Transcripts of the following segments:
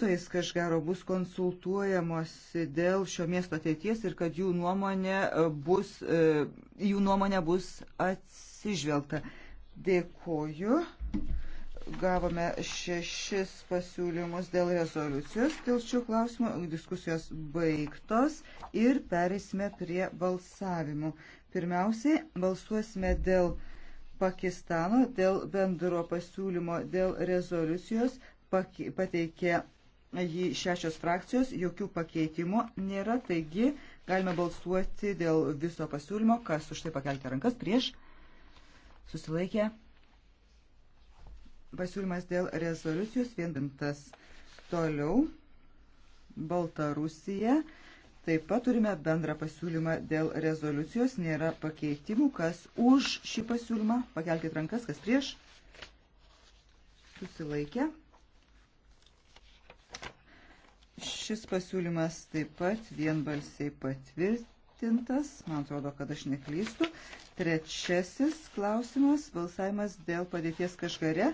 gyventojais kažgaro bus konsultuojamosi dėl šio miesto ateities ir kad jų nuomonė e, bus, e, jų nuomonė bus atsižvelgta. Dėkoju. Gavome šešis pasiūlymus dėl rezoliucijos. Dėl šių klausimų diskusijos baigtos ir perėsime prie balsavimų. Pirmiausiai balsuosime dėl Pakistano dėl bendro pasiūlymo dėl rezoliucijos pateikė jį šešios frakcijos, jokių pakeitimų nėra, taigi galime balsuoti dėl viso pasiūlymo, kas už tai pakelti rankas prieš susilaikė. Pasiūlymas dėl rezoliucijos vienintas toliau. Baltarusija. Taip pat turime bendrą pasiūlymą dėl rezoliucijos. Nėra pakeitimų. Kas už šį pasiūlymą? Pakelkite rankas, kas prieš. Susilaikė. Šis pasiūlymas taip pat vienbalsiai patvirtintas, man atrodo, kad aš neklystu. Trečiasis klausimas - balsavimas dėl padėties kažkare.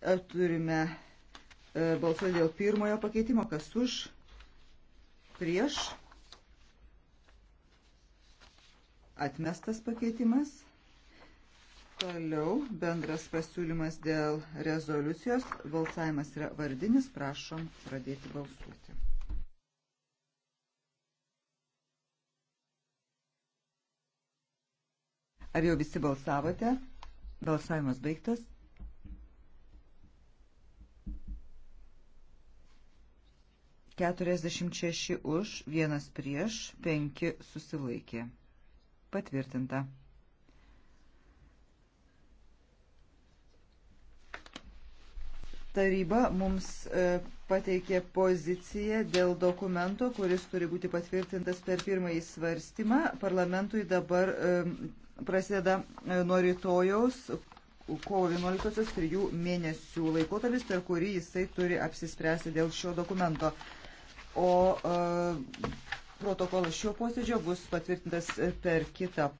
E, turime e, balsuoti dėl pirmojo pakeitimo, kas už, prieš, atmestas pakeitimas. Toliau bendras pasiūlymas dėl rezoliucijos. Balsavimas yra vardinis. Prašom pradėti balsuoti. Ar jau visi balsavote? Balsavimas baigtas. Keturiasdešimt šeši už, vienas prieš, penki susilaikė. Patvirtinta. Taryba mums e, pateikė poziciją dėl dokumento, kuris turi būti patvirtintas per pirmąjį svarstymą. Parlamentui dabar e, prasideda e, nuo rytojaus kovo 11-osios trijų mėnesių laikotarpis, per kurį jisai turi apsispręsti dėl šio dokumento. O e, protokolas šio posėdžio bus patvirtintas per kitą.